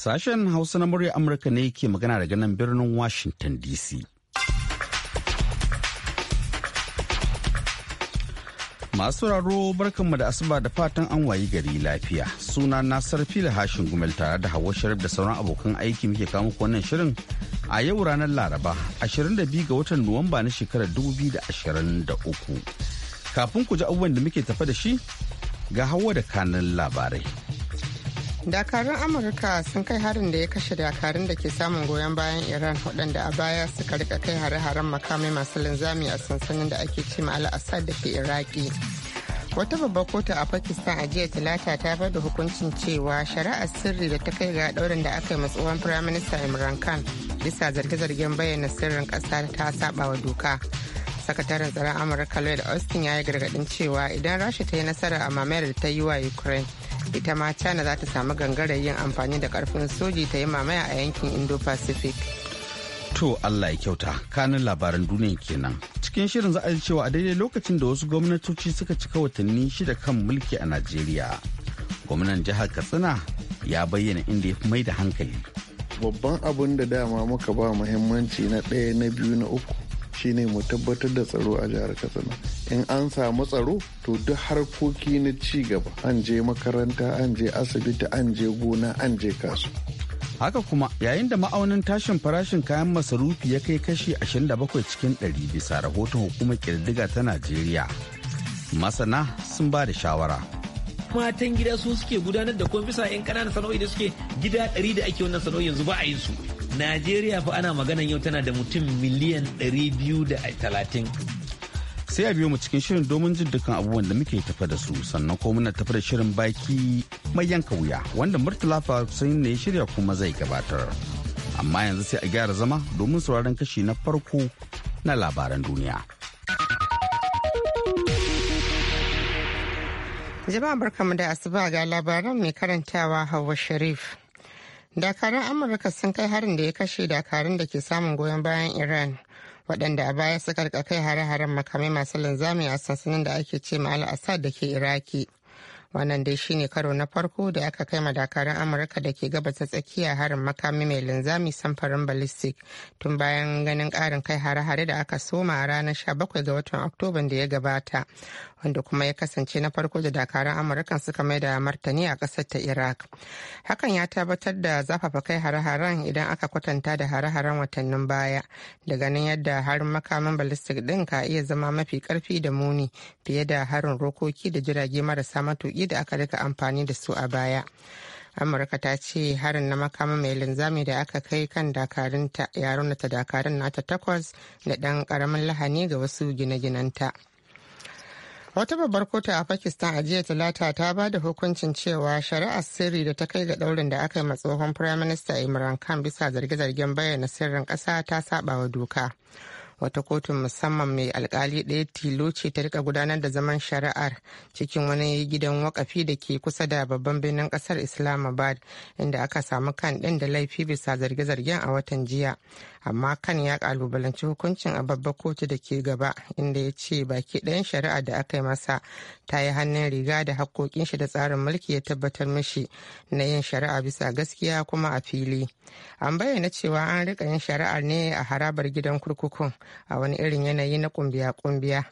Sashen Hausa na murya Amurka ne ke magana da nan birnin Washington DC. Masu raro barkanmu da asuba da fatan an wayi gari lafiya. Suna na sarfi da hashin gumel tare da hawa sharif da sauran abokan aiki muke kamo wannan shirin a yau ranar Laraba 22 ga watan Nuwamba na shekarar 2023. Kafin ku ji abubuwan da muke tafa da shi ga hawa da kanan labarai. dakarun amurka sun kai harin da ya kashe dakarun da ke samun goyon bayan iran waɗanda a baya suka rika kai hare-haren makamai masu linzami a sansanin da ake ce ma al'asar da ke iraki wata babbar kotu a pakistan a jiya talata ta bar da hukuncin cewa shari'ar sirri da ta kai ga ɗaurin da aka yi tsohon firaminista imran khan bisa zarge-zargen bayyana sirrin ƙasa ta saba wa doka sakataren tsaron amurka lloyd austin ya yi gargaɗin cewa idan rasha ta yi nasara a mamayar da ta yi wa ukraine ita ma china za ta samu gangarar yin amfani da karfin soji ta yi mamaya a yankin indo-pacific to allah ya kyauta kanin labaran duniya kenan cikin shirin za a ji cewa a daidai lokacin da wasu gwamnatoci suka cika watanni shida kan mulki a najeriya gwamnan jihar katsina ya bayyana inda ya fi mai da hankali babban abin da dama muka ba muhimmanci na ɗaya na biyu na uku shine mu tabbatar da tsaro a jihar katsina in an samu tsaro to duk harkoki na ci gaba an je makaranta an je asibiti an je gona an je kasu haka kuma yayin da ma'aunin tashin farashin kayan masarufi ya kai kashi 27 cikin 100 bisa rahoton hukumar kirdiga ta najeriya masana sun ba da shawara matan gida su suke gudanar da kuma bisa 'yan ƙananan sana'o'i da suke gida 100 da ake wannan sana'o'i yanzu ba a yin su najeriya fa ana magana yau tana da mutum miliyan 230 sai a biyo mu cikin shirin domin jin dukkan abubuwan da muke tafa da su sannan ko muna tafa da shirin baki mai yanka wuya wanda murtala farusain ne shirya kuma zai gabatar amma yanzu sai a gyara zama domin sauraron kashi na farko na labaran duniya jama'a barkamu da asuba ga labaran mai karantawa Hauwa sharif dakarun amurka sun kai harin da ya kashe dakarun da ke samun goyon bayan iran waɗanda a baya suka rika kai hare-haren makamai masu linzami a sansanin da ake ce ma al da ke iraki wannan dai shine karo na farko da aka kai dakarun amurka da ke gaba ta tsakiya harin makami mai linzami samfarin ballistic tun bayan ganin karin kai hare-hare da aka soma a ranar 17 ga watan oktoban da ya gabata wanda kuma ya kasance na farko da dakarun amurka suka mai da martani a kasar ta iraq hakan ya tabbatar da zafafa kai hare-haren idan aka kwatanta da hare-haren watannin baya da ganin yadda harin makamin ballistic din ka iya zama mafi karfi da muni fiye da harin rokoki da jirage marasa matuki bindigogi da aka rika amfani da su a baya amurka ta ce harin na makama mai linzami da aka kai kan dakarunta ya raunata dakarun nata takwas da ɗan karamin lahani ga wasu gine-ginenta wata babbar kotu a pakistan a jiya talata ta ba da hukuncin cewa shari'ar sirri da ta kai ga daurin da aka yi ma tsohon firaminista imran khan bisa zarge-zargen bayyana sirrin ƙasa ta saba wa doka wata kotun musamman mai alkali ɗaya tilo ce ta rika gudanar da zaman shari'ar cikin wani gidan wakafi da ke kusa da babban birnin kasar islamabad inda aka samu kan ɗin da laifi bisa zarge-zargen a watan jiya amma kan ya kalubalanci hukuncin a babbar kotu da ke gaba inda ya ce baki ɗayan shari'a da aka yi masa ta yi hannun riga da haƙoƙin shi da tsarin mulki ya tabbatar mishi na yin shari'a bisa gaskiya kuma a fili an bayyana cewa an rika yin shari'ar ne a harabar gidan kurkukun a wani irin yanayi na ƙumbiya kumbiya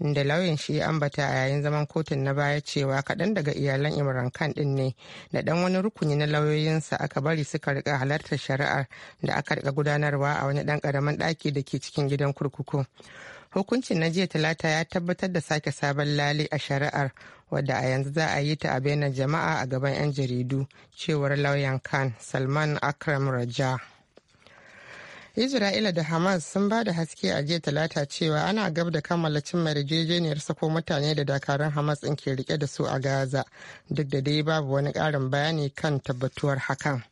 inda lauyan shi ya ambata a yayin zaman kotun na baya cewa kaɗan daga iyalan imran khan ɗin ne da ɗan wani rukuni na lauyoyinsa aka bari suka rika halartar shari'ar da aka rika gudanarwa a wani ɗan ƙaramin ɗaki da ke cikin gidan kurkuku hukuncin na jiya talata ya tabbatar da sake sabon lali a shari'ar wadda a yanzu za a yi ta a bainar jama'a a gaban 'yan jaridu cewar lauyan khan salman akram raja Isra'ila da Hamas sun ba da haske a jiya talata cewa ana gab da kammala cin yarjejeniyar sako mutane da dakarun Hamas in ke rike da su a Gaza duk da dai babu wani karin bayani kan tabbatuwar hakan.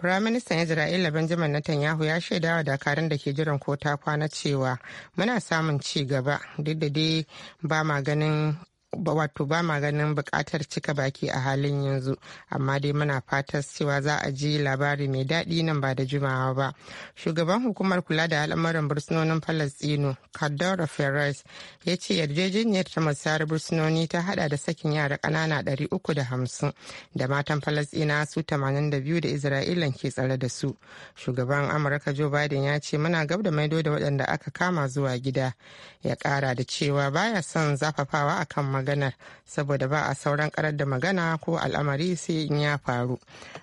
Firaministan Isra'ila Benjamin Netanyahu ya shaida wa dakarun da ke jiran kota kwana cewa muna samun ci gaba duk da dai ba ma ganin wato ba ma ganin bukatar cika baki a halin yanzu amma dai muna fatar cewa za a ji labari mai daɗi nan ba da jimawa ba shugaban hukumar kula da al'amuran bursunonin falastino kadora ferres ya ce yarjejeniyar ta musayar bursunoni ta hada da sakin yara ƙanana 350 da matan falastina su 82 da isra'ilan ke tsare da su shugaban amurka joe biden ya ce muna gab da maido da waɗanda aka kama zuwa gida ya ƙara da cewa baya son zafafawa akan maganar saboda ba a sauran karar da magana ko al'amari sai in ya faru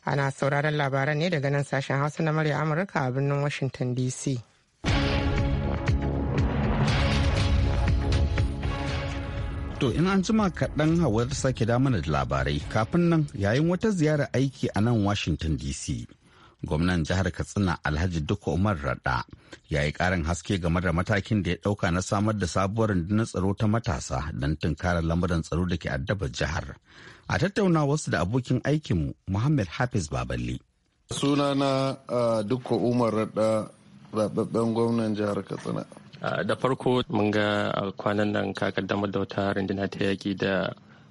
ana sauraron labaran ne daga nan sashen hausa na murya amurka a birnin washington dc To in an jima kaɗan hawar sake damana da labarai kafin nan yayin wata ziyara aiki a nan Washington DC. gwamnan jihar katsina alhaji duka umar rada ya yi karin haske game da matakin da ya dauka na samar da sabuwar rundunar tsaro ta matasa don tunkarar lamuran tsaro da ke addabar jihar a tattauna wasu da abokin aikinmu muhammad hafiz baballe sunana uh, duka umar rada zababben gwamnan jihar katsina uh, da farko mun ga uh, kwanan nan ka kaddamar da wata rundunar ta yaki da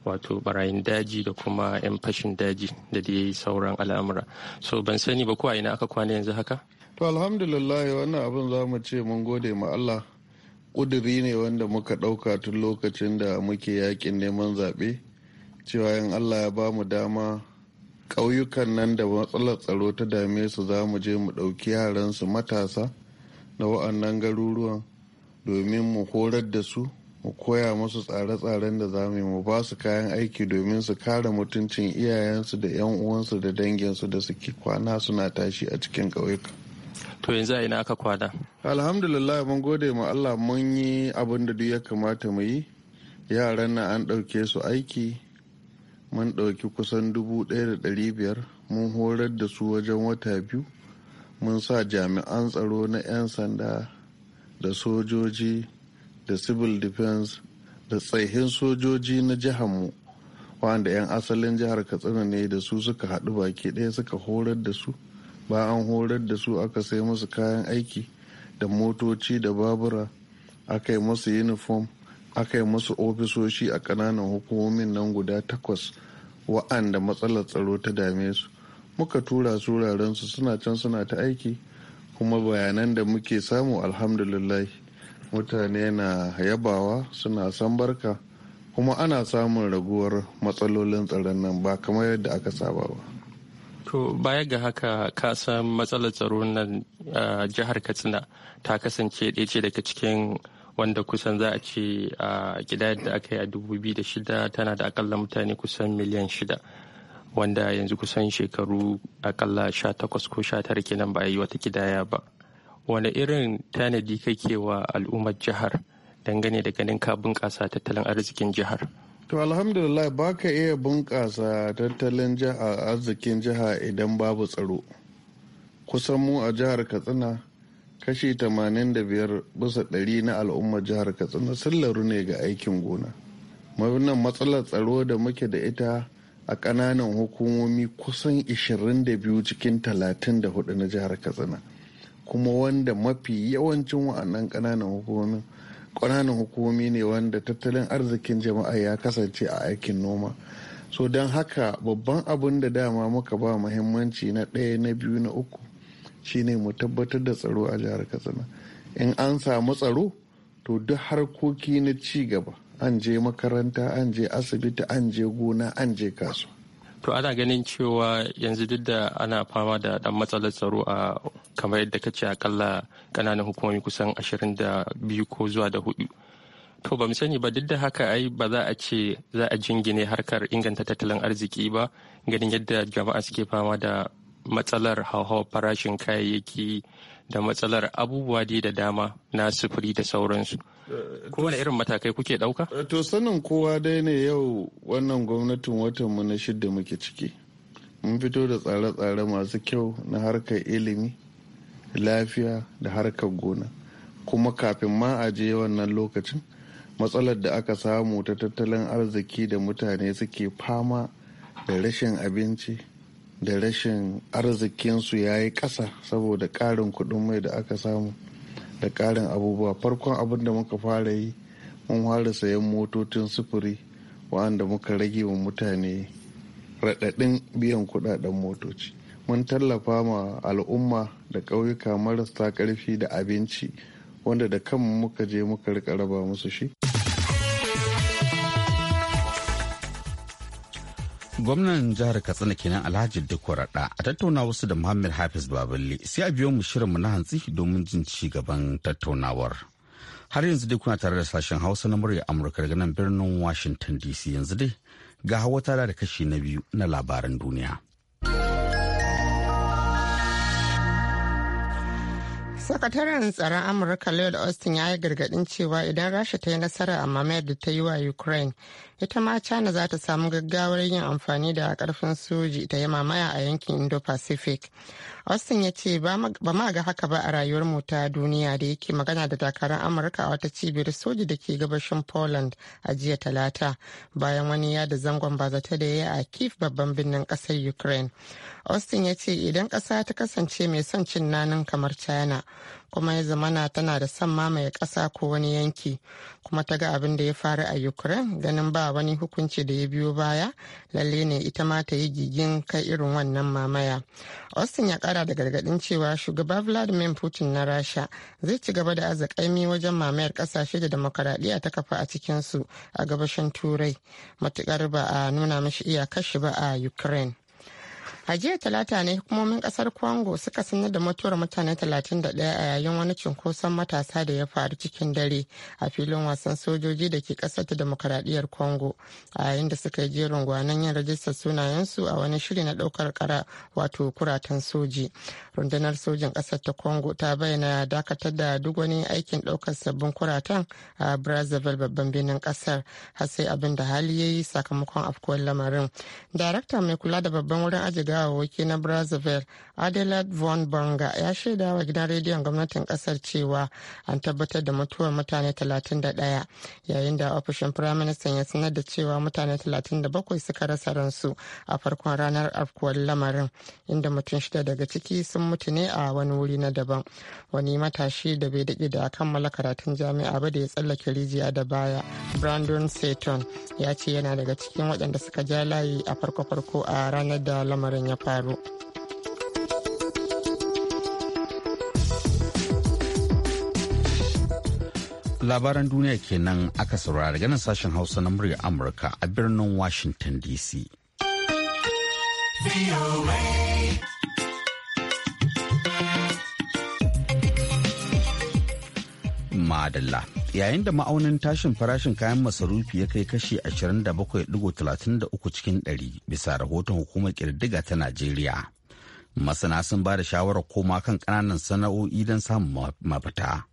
wato barayin daji da kuma 'yan fashin daji da dai sauran al'amura so ban sani ba ko a ina aka kwana yanzu haka to alhamdulillah wannan abin za mu ce mun gode ma Allah ƙuduri ne wanda muka ɗauka tun lokacin da muke yakin neman zaɓe cewa 'yan Allah ya ba mu dama ƙauyukan nan da matsalar tsaro ta dame su za mu je mu ɗauki yaransu matasa na wa'annan garuruwan domin mu horar da su mu koya musu tsare-tsaren da za mu yi mu ba su kayan aiki domin su kare mutuncin iyayensu da 'yan uwansu da danginsu da suke kwana suna tashi a cikin ƙauyuka. to yanzu a ina aka kwana alhamdulillah mun gode ma allah mun yi abin da duk ya kamata mu yi yaran na an ɗauke su aiki mun ɗauki kusan dubu ɗaya da ɗari biyar mun horar da su wajen wata biyu mun sa jami'an tsaro na 'yan sanda da sojoji da civil defense da tsahin sojoji na mu wanda 'yan asalin jihar katsina ne da su suka haɗu baki ɗaya suka horar da su ba an horar da su aka sai musu kayan aiki da motoci da babura aka yi musu uniform aka yi musu ofisoshi a ƙananan hukumomin nan guda takwas wa'anda matsalar tsaro ta dame su muka tura su wuraren su suna can suna ta aiki kuma bayanan da muke samu alhamdulillah mutane na yabawa suna san barka kuma ana samun raguwar matsalolin tsaron nan ba kamar yadda aka saba ba to baya ga haka ka san matsalar tsaro nan jihar katsina ta kasance ɗaya ce daga cikin wanda kusan za a ce a gida da aka yi a 2006 tana da akalla mutane kusan miliyan shida wanda yanzu kusan shekaru akalla 18 ko 19 kenan ba a yi wata kidaya ba wani irin tanadi kake wa al'ummar jihar dangane da ganin ka bunƙasa tattalin arzikin jihar to alhamdulillah ba ka iya bunƙasa tattalin jihar arzikin jihar idan babu tsaro kusan mu a jihar katsina kashi 85 bisa ɗari na al'ummar jihar katsina sun laru ne ga aikin gona mafinan matsalar tsaro da muke da ita a ƙananan hukumomi kusan 22 cikin 34 na jihar katsina kuma wanda mafi yawancin wa'annan ƙananan hukumomi ƙananan hukumomi ne wanda tattalin arzikin jama'a ya kasance a aikin noma so don haka babban abin da dama muka ba muhimmanci na ɗaya na biyu na uku shine mu tabbatar da tsaro a jihar katsina in an samu tsaro to duk harkoki na ci gaba an je makaranta an je asibiti an je gona an je kasuwa To ana ganin cewa yanzu duk da ana fama da dan matsalar tsaro a kamar yadda kace akalla kananan hukumomi kusan ashirin da biyu ko zuwa da hudu. To ba mu sani ba duk da haka ai ba za a ce za a jingine harkar inganta tattalin arziki ba ganin yadda jama'a suke fama da matsalar hauhawar farashin kayayyaki da matsalar abubuwa dai da dama na sufuri da sauransu. Eh, Kuma irin matakai kuke ɗauka? Eh, to sanin kowa dai ne yau wannan gwamnatin watan mu na shidda muke ciki. Mun fito da tsare-tsare masu kyau na harkar ilimi, lafiya da harkar gona. Kuma kafin ma a je wannan lokacin, matsalar da aka samu ta tattalin arziki da mutane suke fama da rashin abinci da rashin arzikinsu ya yi ƙasa saboda ƙarin kuɗin mai da aka samu da ƙarin abubuwa farkon abin da muka fara yi mun fara sayan motocin sufuri wa'anda muka rage wa mutane raɗaɗin biyan kuɗaɗen motoci mun tallafa ma al'umma da ƙauyuka marasa ƙarfi da abinci wanda da kanmu muka je muka rika raba musu shi. gwamnan jihar katsina kenan alhaji dukwaraɗa a tattauna su da muhammad hafiz baballe sai a biyo mu shirinmu na hantsi domin jin ci gaban tattaunawar har yanzu dai kuna tare da sashen hausa na murya amurka daga nan birnin washington dc yanzu dai ga hawa tara da kashi na biyu na labaran duniya sakataren tsaron amurka lloyd austin ya yi gargadin cewa idan rasha ta yi nasara a mamayar da ta yi wa ukraine ita ma china za ta samu gaggawar yin amfani da karfin soji ta yi a yankin indo-pacific austin ya ce ba ma ga haka ba a rayuwar mu ta duniya da yake magana da dakarun amurka a wata cibiyar soji da ke gabashin poland a jiya talata bayan wani yada zangon bazata da ya yi a kif babban birnin kasar ukraine austin ya ce idan kasa ta kasance mai son cin nanin kamar china kuma ya zamana tana da son mamaye ƙasa ko wani yanki kuma ta ga abin da ya faru a ukraine ganin ba wani hukunci da ya biyo baya lalle ne ita ma ta yi gigin kai irin wannan mamaya austin ya kara da gargadin cewa shugaba vladimir putin na rasha zai ci gaba da azakaimi wajen mamayar ƙasashe da demokaradiyya ta kafa a cikinsu a gabashin turai matukar ba a nuna mashi iyakashi ba a ukraine a jiya talata ne hukumomin kasar congo suka sanar da mutuwar mutane 31 a yayin wani cunkoson matasa da ya faru cikin dare a filin wasan sojoji da ke kasar ta demokaradiyyar congo a yayin da suka yi jerin gwanon yin rajistar sunayensu a wani shiri na daukar kara wato kuratan soji rundunar sojin kasar ta congo ta bayyana dakatar da duk wani aikin daukar sabbin kuratan a brazzaville babban birnin kasar har sai abin da hali ya yi sakamakon afkuwar lamarin darakta mai kula da babban wurin ajiga gawawwaki na brazzaville adelaide von bonga ya shaida wa gidan rediyon gwamnatin kasar cewa an tabbatar da mutuwar mutane 31 yayin da ofishin firaministan ya sanar da cewa mutane 37 suka rasa ransu a farkon ranar afkuwar lamarin inda mutum shida daga ciki sun mutu ne a wani wuri na daban wani matashi da bai daɗe da kammala karatun jami'a ba da ya tsallake rijiya da baya brandon seton ya ce yana daga cikin waɗanda suka ja layi a farko-farko a ranar da lamarin ya faru. Labaran duniya kenan aka saurara ganin nan sashen Hausa na murya Amurka a birnin Washington DC. Madalla. yayin da ma'aunin tashin farashin kayan masarufi ya kai kashi 27.33 cikin 100 bisa rahoton hukumar kirdiga ta najeriya masana sun ba da shawarar koma kan kananan sana'o'i don samun mafita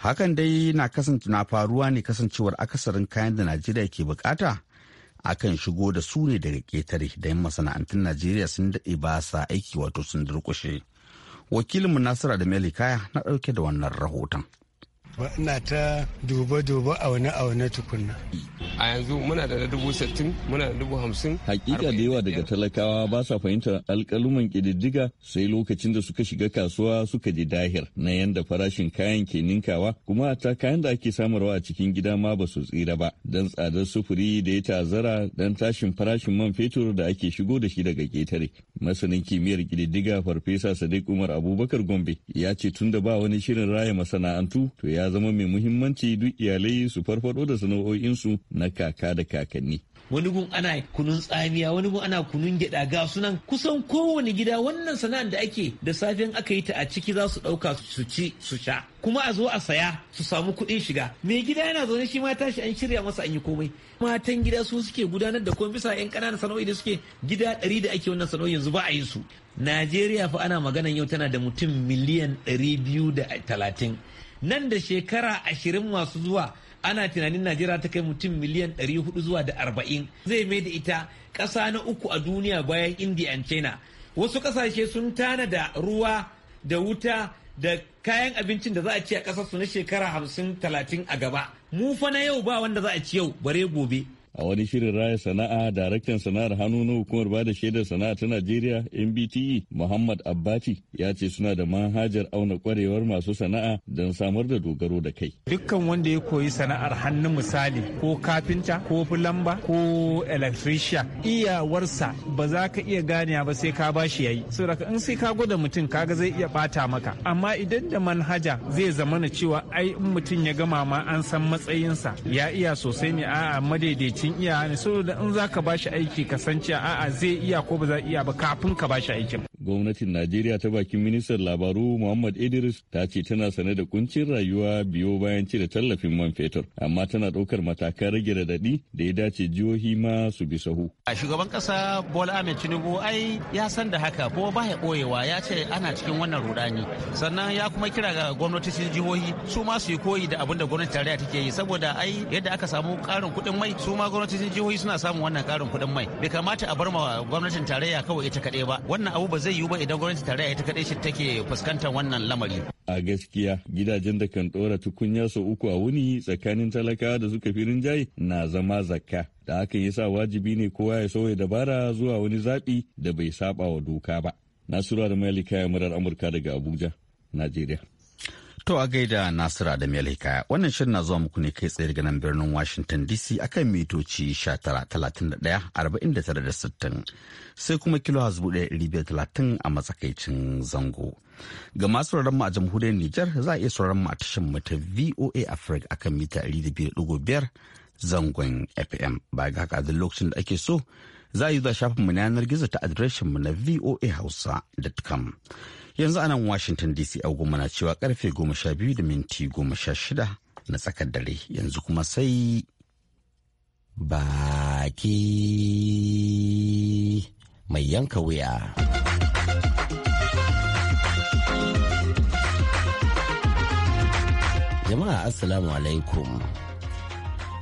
hakan dai na kasance na faruwa ne kasancewar akasarin kayan da najeriya ke bukata akan shigo da su ne daga ƙetare yin masana'antun najeriya sun daɗe ba sa aiki wato sun durƙushe wakilinmu nasira da melikaya na ɗauke da wannan rahoton ba ina ta duba-duba a aune tukunna. a yanzu muna da dubu sittin muna da dubu hamsin. Hakika da yawa daga talakawa ba sa fahimtar alkaluman kididdiga sai lokacin da suka shiga kasuwa suka ji dahir na yanda farashin kayan ke ninkawa kuma ta kayan da ake samarwa a cikin gida ma ba su tsira ba don tsadar sufuri da ya tazara don tashin farashin man fetur da ake shigo da shi daga ketare. Masanin kimiyyar kididdiga Farfesa Sadiq Umar Abubakar Gombe ya ce tun da ba wani shirin raya masana'antu to ya zama mai muhimmanci duk iyalai su farfado da sana'o'insu na kaka da kakanni. wani gun ana kunun tsamiya wani gun ana kunun gyada ga sunan kusan kowane gida wannan sana'ar da ake da safen aka yi ta a ciki za su dauka su ci su sha kuma a zo a saya su samu kuɗin shiga me gida yana zaune shi ma tashi an shirya masa an yi komai matan gida su suke gudanar da komai bisa yan ƙananan sana'o'i da suke gida ɗari da ake wannan sana'o'i yanzu ba a yin su najeriya fa ana maganan yau tana da mutum miliyan ɗari biyu da talatin nan da shekara ashirin masu zuwa ana tunanin najeriya ta kai mutum miliyan 400 zuwa da 40 zai mai da ita ƙasa na uku a duniya bayan india and china wasu ƙasashe sun tana da ruwa da wuta da kayan abincin da za a ci a su na shekara 50-30 a gaba mu fa na yau ba wanda za a ci yau bare gobe a wani shirin raya sana'a daraktan sana'ar hannu na hukumar ba da shaidar sana'a ta najeriya mbte muhammad abbati ya ce suna da manhajar auna kwarewar masu sana'a don samar da dogaro da kai dukkan wanda ya koyi sana'ar hannu misali ko kafinta ko fulamba ko electrician iyawarsa ba za ka iya gane ba sai ka ba shi yayi saboda in sai ka gwada mutum kaga zai iya bata maka amma idan da manhaja zai zamana cewa ai in mutum ya gama ma an san matsayinsa ya iya sosai ne a'a madaidaicin cikin iya ne saboda in za ka ba shi aiki kasance a'a zai iya ko ba za iya ba kafin ka bashi aikin gwamnatin najeriya ta bakin ministan labaru muhammad idris ta ce tana sane da kuncin rayuwa biyo bayan cire tallafin man fetur amma tana ɗaukar matakan rage radadi da ya dace jihohi ma su bi sahu a shugaban ƙasa bola ahmed tinubu ai ya san da haka ko ba ya ɓoyewa ya ce ana cikin wannan rudani sannan ya kuma kira ga su jihohi su ma su yi koyi da abin da gwamnatin tarayya take yi saboda ai yadda aka samu ƙarin kuɗin mai su ma gwamnatocin jihohi suna samun wannan ƙarin kuɗin mai bai kamata a bar ma gwamnatin tarayya kawai ita kaɗai ba wannan abu ba zai yiwu ba idan gwamnati tare ita kadai shi take fuskantar wannan lamari. A gaskiya gidajen da kan ɗora tukunya sau uku a wuni tsakanin talakawa da suka fi rinjaye na zama zakka. Da hakan yasa wajibi ne kowa ya sauya dabara zuwa wani zaɓi da bai saba wa doka ba. nasiru da Malika ya murar Amurka daga Abuja, Najeriya. To a gaida Nasiru da Hikaya wannan shirin na zuwa muku ne kai tsaye daga nan birnin Washington DC akan mitoci 19,31,49,60 sai kuma kilo hasbu 1,530 a matsakaicin zango. Ga masu sauraron mu a jamhuriyar Nijar za a iya sauraron mu a tashar mata ta VOA Africa akan mita 200.5 zangon FM. Ba ga haka duk lokacin da ake so za a yi zuwa shafin mu na yanar gizo ta adireshin mu na hausa.com. yanzu anan washington dc agogo na cewa karfe goma biyu da minti goma sha shida na tsakar dare yanzu kuma sai baki mai yanka wuya jama'a assalamu alaikum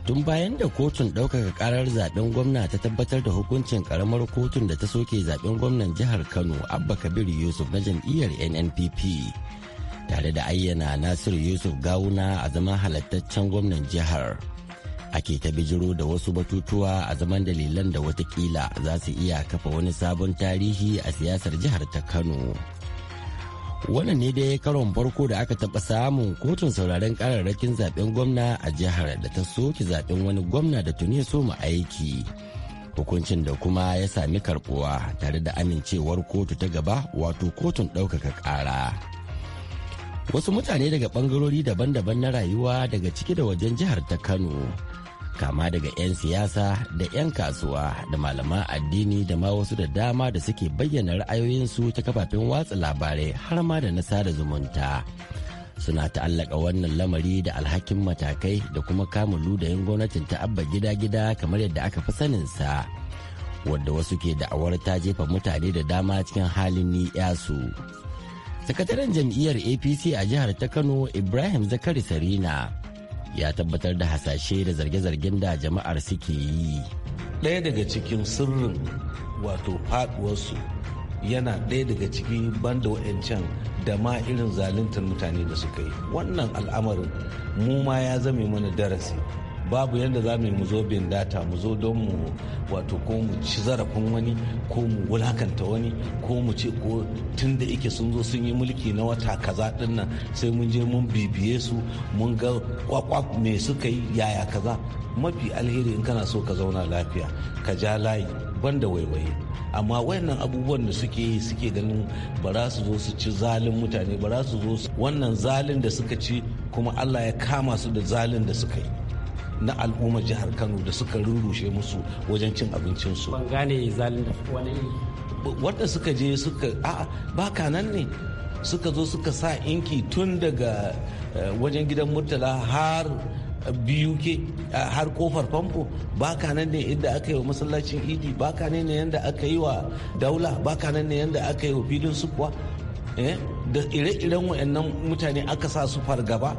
tun bayan da kotun ɗaukaka karar zaben gwamna ta tabbatar da hukuncin karamar kotun da ta soke zaben gwamnan jihar kano abba kabir yusuf na jam'iyyar nnpp tare da ayyana nasir yusuf gawuna a zaman halattaccen gwamnan jihar ake ta bijiro da wasu batutuwa a zaman dalilan da watakila za su iya kafa wani sabon tarihi a siyasar jihar ta kano wannan ne dai karon farko da aka taɓa samun kotun sauraren kararrakin zaben gwamna a jihar da ta soke zaben wani gwamna da tuni ya mu aiki hukuncin da kuma ya sami karbuwa tare da amincewar kotu ta gaba wato kotun ɗaukaka ƙara wasu mutane daga ɓangarori daban-daban na rayuwa daga ciki da wajen jihar ta kano kama daga 'yan siyasa da 'yan kasuwa da malaman addini da ma wasu da dama da suke bayyana ra'ayoyinsu ta kafafen watsa labarai har ma da na sada zumunta suna ta'allaka wannan lamari da alhakin matakai da kuma kamun ludayin gwamnatin ta abba gida-gida kamar yadda aka fi saninsa wadda wasu ke da'awar ta jefa mutane da dama cikin halin ni'yasu sakataren jam'iyyar apc a jihar ta kano ibrahim zakari sarina ya tabbatar da hasashe da zarge-zargen da jama'ar suke yi ɗaya daga cikin sirrin wato faduwarsu yana ɗaya daga ciki banda wa'ancan da ma irin zaluntar mutane da suka yi wannan al'amarin mu ma ya zame mana darasi babu yadda za mu zo bin data mu zo don mu wato ko mu ci zarafin wani ko mu wulakanta wani ko mu ce ko tun da ike sun zo sun yi mulki na wata kaza din sai mun je mun bibiye su mun ga kwakwa mai suka yi yaya kaza mafi alheri in kana so ka zauna lafiya ka ja layi banda waiwaye amma wayannan abubuwan da suke yi suke ganin ba za su zo su ci zalin mutane ba za su zo wannan zalin da suka ci kuma allah ya kama su da zalin da suka yi na al'ummar jihar kano da suka rurrushe musu wajen cin abincinsu ban gane zalin da wani wadda suka je suka a ba nan ne suka zo suka sa inki tun daga eh, wajen gidan murtala har biyu ke eh, har kofar famfo baka nan ne inda aka yi wa masallacin idi baka nan ne yadda aka yi wa daula baka nan ne yadda aka yi wa filin sukuwa Eh, da ire-iren wayannan mutane aka sa su fargaba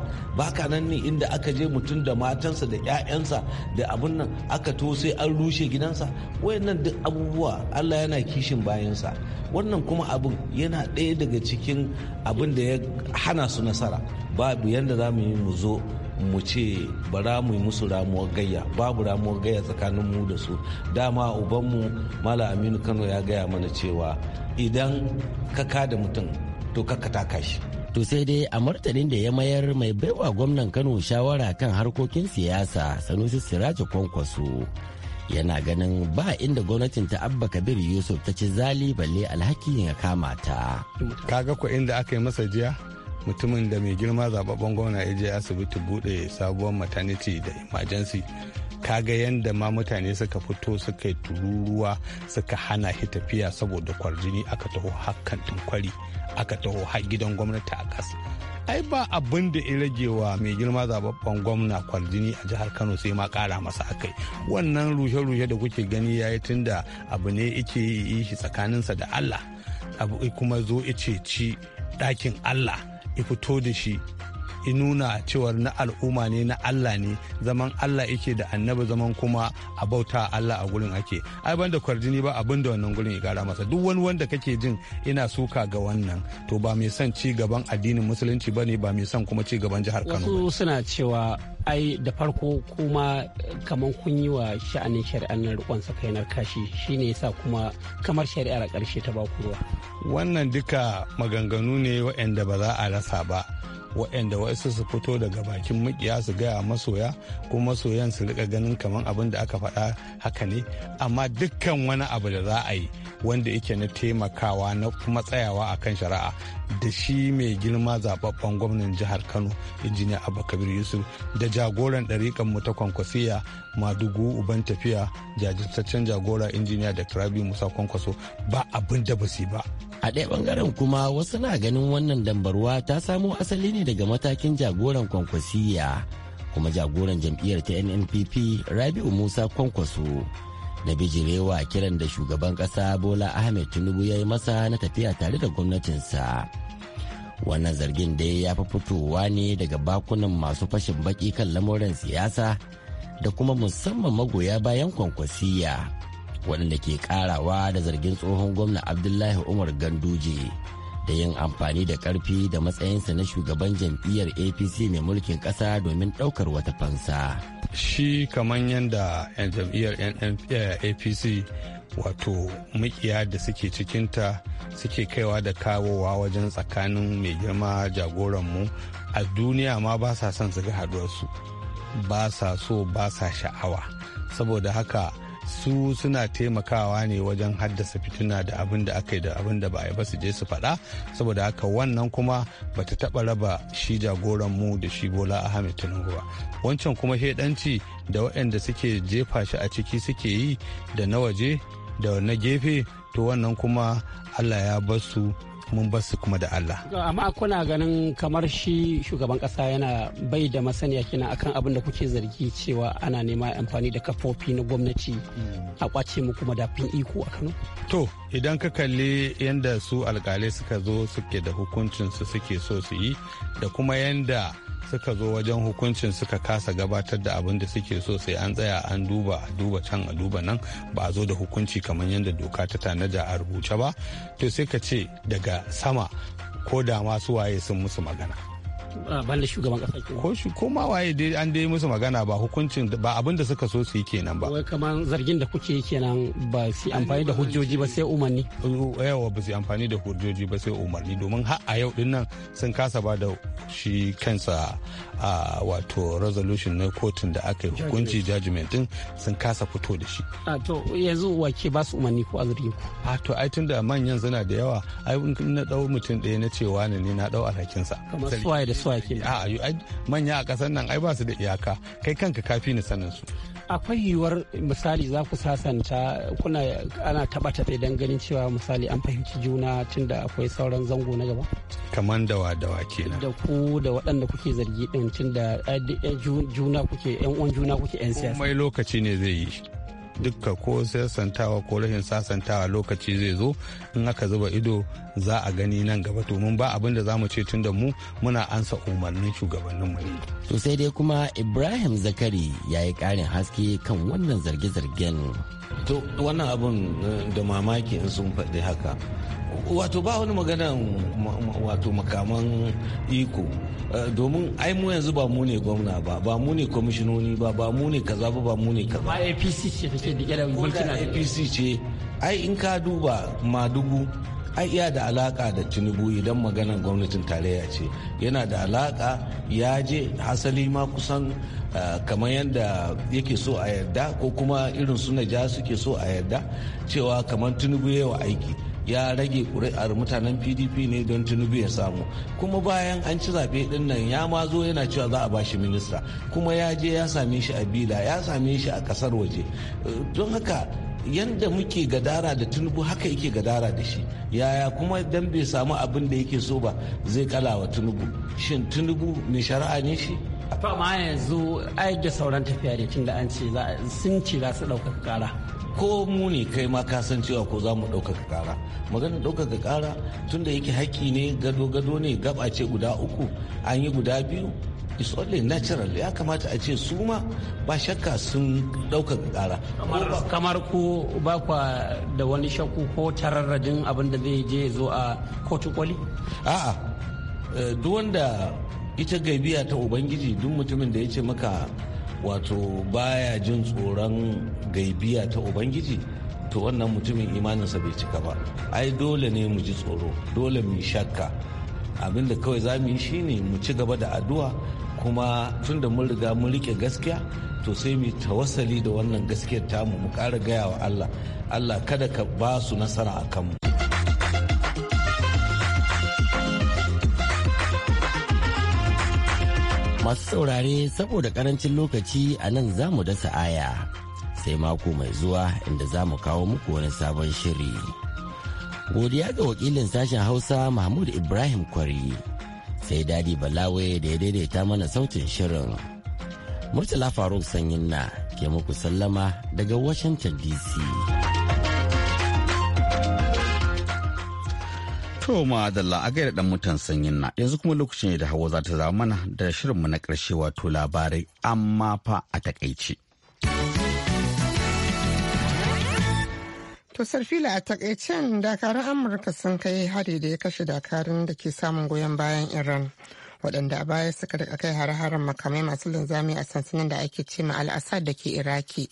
ka nan ne inda aka je mutum da matansa da 'ya'yansa da abun nan aka to sai an rushe gidansa wayannan duk abubuwa Allah yana kishin bayansa wannan kuma abin yana ɗaya daga cikin abin da ya hana su nasara babu yadda za mu yi mu zo mu ce bara mu yi musu ramuwar gayya babu ramuwar gayya tsakanin mu da su dama ubanmu malam aminu kano ya gaya mana cewa idan ka kada mutum to kakka taka shi to sai dai a martanin da ya mayar mai baiwa gwamnan kano shawara kan harkokin siyasa sanusi siraje kwankwaso yana ganin ba inda gwamnatin ta abba kabir yusuf ta ci zali balle alhaki ya kama ta kaga ku inda aka yi masa jiya mutumin da mai girma zababben gwamna ya je asibiti bude sabuwar maternity da emergency ka ga yadda ma mutane suka fito suka yi tururuwa suka hana shi tafiya saboda kwarjini aka taho hakan kwari aka taho har gidan gwamnati a ƙasa ai ba abin da ya rage wa mai girma zababban gwamna kwarjini a jihar kano sai ma kara masa akai wannan rushe-rushe da kuke gani ya yayi tunda abu ne ike yi shi tsakaninsa da allah abu kuma zo ice ci ɗakin allah ya fito da shi nuna cewar na al'umma ne na Allah ne zaman Allah yake da annabi zaman kuma a bauta Allah a gurin ake ai ban da kwarjini ba abin da wannan gurin ya gara masa duk wani wanda kake jin ina suka ga wannan to ba mai son ci gaban addinin musulunci bane ba mai son kuma ci gaban jihar Kano wasu suna cewa ai da farko kuma kaman kun yi wa sha'anin shari'an nan rikon na kashi shine yasa kuma kamar shari'ar karshe ta ba ruwa wannan duka maganganu ne waɗanda ba za a rasa ba waɗanda wasu su fito daga bakin makiya su gaya masoya ko masoyan su rika ganin kamar abin da aka faɗa haka ne amma dukkan wani abu da za a yi wanda yake na taimakawa na kuma tsayawa akan shari'a da shi mai girma zababben gwamnan jihar kano injiniya kabir yusuf da jagoran ɗariƙan mu ta kwankwasiya madugu uban tafiya jajirtaccen jagora injiniya da rabi musa kwankwaso ba abin da basi ba a ɗaya ɓangaren kuma wasu na ganin wannan dambarwa ta samo asali ne daga matakin jagoran kwankwasiya kuma jagoran jam'iyyar ta nnpp rabi'u musa kwankwaso Na bijirewa kiran da shugaban kasa, bola ahmed tinubu ya yi masa na tafiya tare da gwamnatinsa wannan zargin dai ya fi fitowa ne daga bakunan masu fashin baki kan lamurin siyasa da kuma musamman magoya bayan kwankwasiya waɗanda ke karawa da zargin tsohon gwamna abdullahi umar ganduje da yin amfani da karfi da matsayinsa na shugaban jam'iyyar apc mai mulkin kasa domin daukar wata fansa shi kamar yadda jam'iyyar eh, apc wato mukiya da suke cikinta suke kaiwa da kawowa wajen tsakanin mai girma jagoranmu a duniya ma ba sa son su ga haduwarsu ba sa so ba sa sha'awa saboda haka su suna taimakawa ne wajen haddasa fituna da abin da aka yi da abin da ba a ba su je su faɗa saboda haka wannan kuma ba ta taɓa raba shi jagoran mu da shi bola a ahmed tinubu ba wancan kuma hedanci da waɗanda suke jefa shi a ciki suke yi da na waje da na gefe to wannan kuma allah ya basu. mun bar su kuma da Allah. Amma kuna ganin kamar shi shugaban kasa yana bai da masaniya kina akan abin da kuke zargi cewa ana nema amfani da kafofi na gwamnati a kwace muku madafin iko a Kano. To idan ka kalli yanda su alkalai suka zo suke da hukuncin su suke so su yi da kuma yanda suka zo wajen hukuncin suka kasa gabatar da abin da suke so sai an tsaya an duba a duba can a duba nan ba a zo da hukunci kamar yadda doka ta tanada a rubuce ba to sai ka ce daga sama ko da masu waye sun musu magana ko shi ko ma waye dai an dai musu magana ba hukuncin ba abin da suka so su yi kenan ba wai kamar zargin da kuke yi kenan ba su amfani da hujjoji ba sai umarni yawa ba su amfani da hujjoji ba sai umarni domin har a yau din nan sun kasa ba da shi kansa a wato resolution na kotun da aka yi hukunci judgment din sun kasa fito da shi a to yanzu wake ba su umarni ko azurin ku a to ai tunda manyan zana da yawa ai na dau mutum ɗaya na cewa ne ne na dau alhakin sa kamar suwaye da suwaye ke a manya a kasar nan ai ba su da iyaka kai kanka kafi ni sanin su akwai yiwuwar misali za ku sasanta kuna ana taba tabe don ganin cewa misali an fahimci juna tun da akwai sauran zango na gaba kaman dawa dawa kenan da ku da waɗanda kuke zargi din tun da eh, juna kuke yan uwan juna kuke yan siyasa mai lokaci ne zai yi dukka ko sasantawa ko rashin sasantawa lokaci zai zo in aka zuba ido za a gani nan gaba domin ba abin da za mu ce tun da mu muna ansa umarnin shugabannin mu ne. To sai dai kuma Ibrahim Zakari ya yi ƙarin haske kan wannan zarge-zargen. To wannan abun eh, da mamaki in sun faɗi haka. Wato ba wani magana wato makaman iko eh, domin ai mu yanzu ba mu ne gwamna ba ba mu ne kwamishinoni ba ba mu ne kaza ba ba mu ne kaza. Ba APC suke APC ce ai in ka duba madugu ai iya da alaka da tinubu idan maganar gwamnatin tarayya ce yana da alaka ya je hasali ma kusan eh, kamar yadda yake so a yarda ko kuma irin suna ja suke so a yarda cewa kamar tinubu yawa aiki ya rage kuri'ar mutanen pdp ne don tinubu ya samu kuma bayan an ci zaɓe ɗin nan ya ma zo yana cewa za a ba shi minista kuma ya je ya same shi a bila ya same shi a ƙasar waje don haka yadda muke gadara da tunubu haka yake gadara da shi yaya kuma dan bai samu abin da yake so ba zai kalawa tunubu shin tinubu mai shari'a ne shi to amma yanzu ai da sauran tafiya da tun da an ce sun ce za su ɗaukaka kara ko mu ne kai ma ka san cewa ko za mu ɗaukaka ƙara maganar ɗaukaka ƙara tun da yake haƙƙi ne gado-gado ne gaba ce guda uku an yi guda biyu is only natural ya kamata a ce su ma ba shakka sun ɗaukaka ƙara. kamar ku ba kwa da wani shakku ko tararradin abin da zai je zo a kotu koli? a'a eh, duk wanda ita gaibiya ta ubangiji duk mutumin da ya ce maka wato baya jin tsoron gaibiya ta ubangiji to wannan mutumin imaninsa bai cika ba ai dole ne mu ji tsoro dole mu shakka abinda kawai za mu yi shine mu ci gaba da addu'a kuma tunda mun riga mun rike gaskiya to sai mu tawassali da wannan gaskiyar tamu mu ƙara gaya wa Allah Allah kada ka ba su nasara a kanmu masu saurare saboda karancin lokaci a nan za mu dasa aya sai mako mai zuwa inda za mu kawo muku wani sabon shiri. Godiya ga wakilin sashen Hausa Mahmud Ibrahim Kwari sai Dadi Balawe da ya daidaita mana sautin shirin. Murtala Faruk Sanyin na ke muku sallama daga Washington DC. To ma da la'agai da dan mutan sanyin na yanzu kuma lokacin da hawa za ta zama mana da shirinmu na ƙarshe wato labarai amma fa a takaice. To Sarfila a takaicen dakarun Amurka sun kai hari da ya kashe dakarun da ke samun goyon bayan Iran. waɗanda a baya suka rika kai hare-haren makamai masu linzami a sansanin da ake ce ma al da ke Iraki.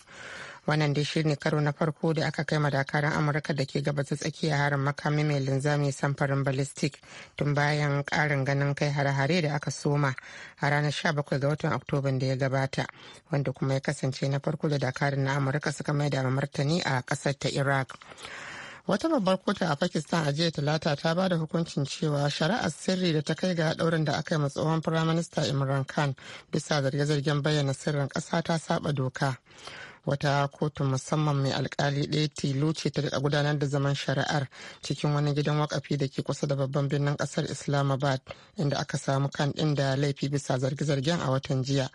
wannan dai ne karo na farko da aka kai madakaran amurka da ke gabata tsakiya harin makami mai linzami samfarin ballistic tun bayan karin ganin kai hare-hare da aka soma a ranar 17 ga watan oktoban da ya gabata wanda kuma ya kasance na farko da dakarin na amurka suka mai da martani a kasar ta iraq wata babbar kotu a pakistan a jiya talata ta ba da hukuncin cewa shari'ar sirri da ta kai ga daurin da aka yi ma tsohon firaminista imran khan bisa zarge-zargen bayyana sirrin ƙasa ta saba doka wata kotu musamman mai alkali ɗaya tilo ce ta daɗa gudanar da zaman shari'ar cikin wani gidan wakafi da ke kusa da babban birnin ƙasar islamabad inda aka samu kan ɗin da laifi bisa zarge-zargen a watan jiya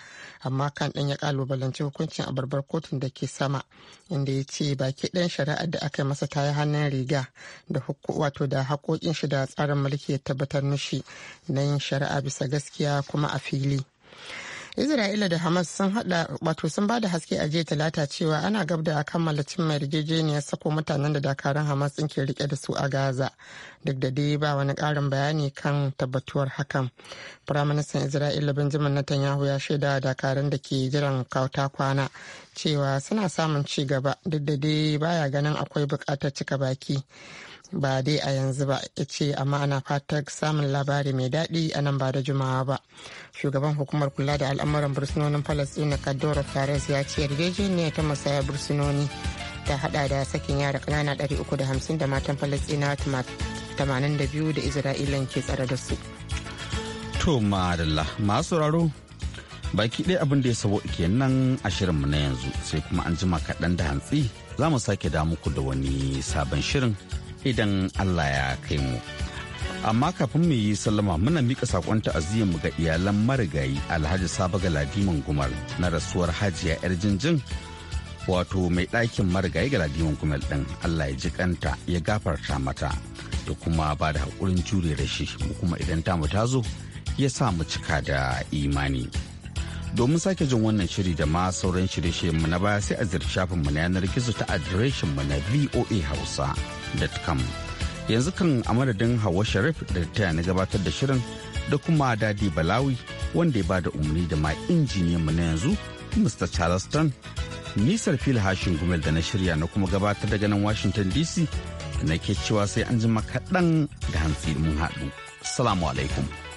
amma kan ɗin ya kalubalanci hukuncin abarbar kotun da ke sama inda ya ce baki ɗan shari'ar da aka yi masa ta hannun riga da wato da haƙoƙin shi da tsarin mulki ya tabbatar mishi na yin shari'a bisa gaskiya kuma a fili. isra'ila da hamas sun hada wato sun bada haske a jiya talata cewa ana gab da kammala cimma yarjejeniyar sako mutanen da dakarun hamas din ke rike da su a gaza duk da dai ba wani karin bayani kan tabbatuwar hakan firaministan isra'ila benjamin netanyahu ya shaida dakarun da ke jiran kauta kwana cewa suna samun ci gaba duk da dai baya ganin akwai bukatar cika baki ba dai a yanzu ba ya ce amma ana fatar samun labari mai daɗi a nan ba da jumawa ba shugaban hukumar kula da al'amuran bursunonin palestina kadoro fares ya ce yarjejeniya ta musaya bursunoni ta hada da sakin yara ƙanana 350 da matan palestina 82 da isra'ilan ke tsare da su to madalla masu sauraro baki ɗaya abin da ya sabo nan a mu na yanzu sai kuma an jima kaɗan da hantsi za mu sake da muku da wani sabon shirin idan Allah ya kai mu. Amma kafin mu yi sallama muna mika sakon ta'aziyyar mu ga iyalan marigayi Alhaji Saba Galadiman Gumal na rasuwar Hajiya yar jinjin wato mai ɗakin marigayi Galadiman Gumal ɗin Allah ya ji kanta ya gafarta mata da kuma ba da hakurin jure da shi kuma idan ta mu ta zo ya sa mu cika da imani. Domin sake jin wannan shiri da ma sauran shirye-shiryenmu na baya sai a shafin mu na yanar gizo ta adireshinmu na voahausa.com. Yanzu kan a madadin Hawa Sharif da ta na gabatar da shirin da kuma Dadi Balawi wanda ya bada umarni da ma injiniyanmu na yanzu Mr. Charleston. Nisar fil hashin gumel da na shirya na kuma gabatar daga nan Washington DC na ke cewa sai an jima kaɗan da hantsi mun haɗu. Salamu alaikum.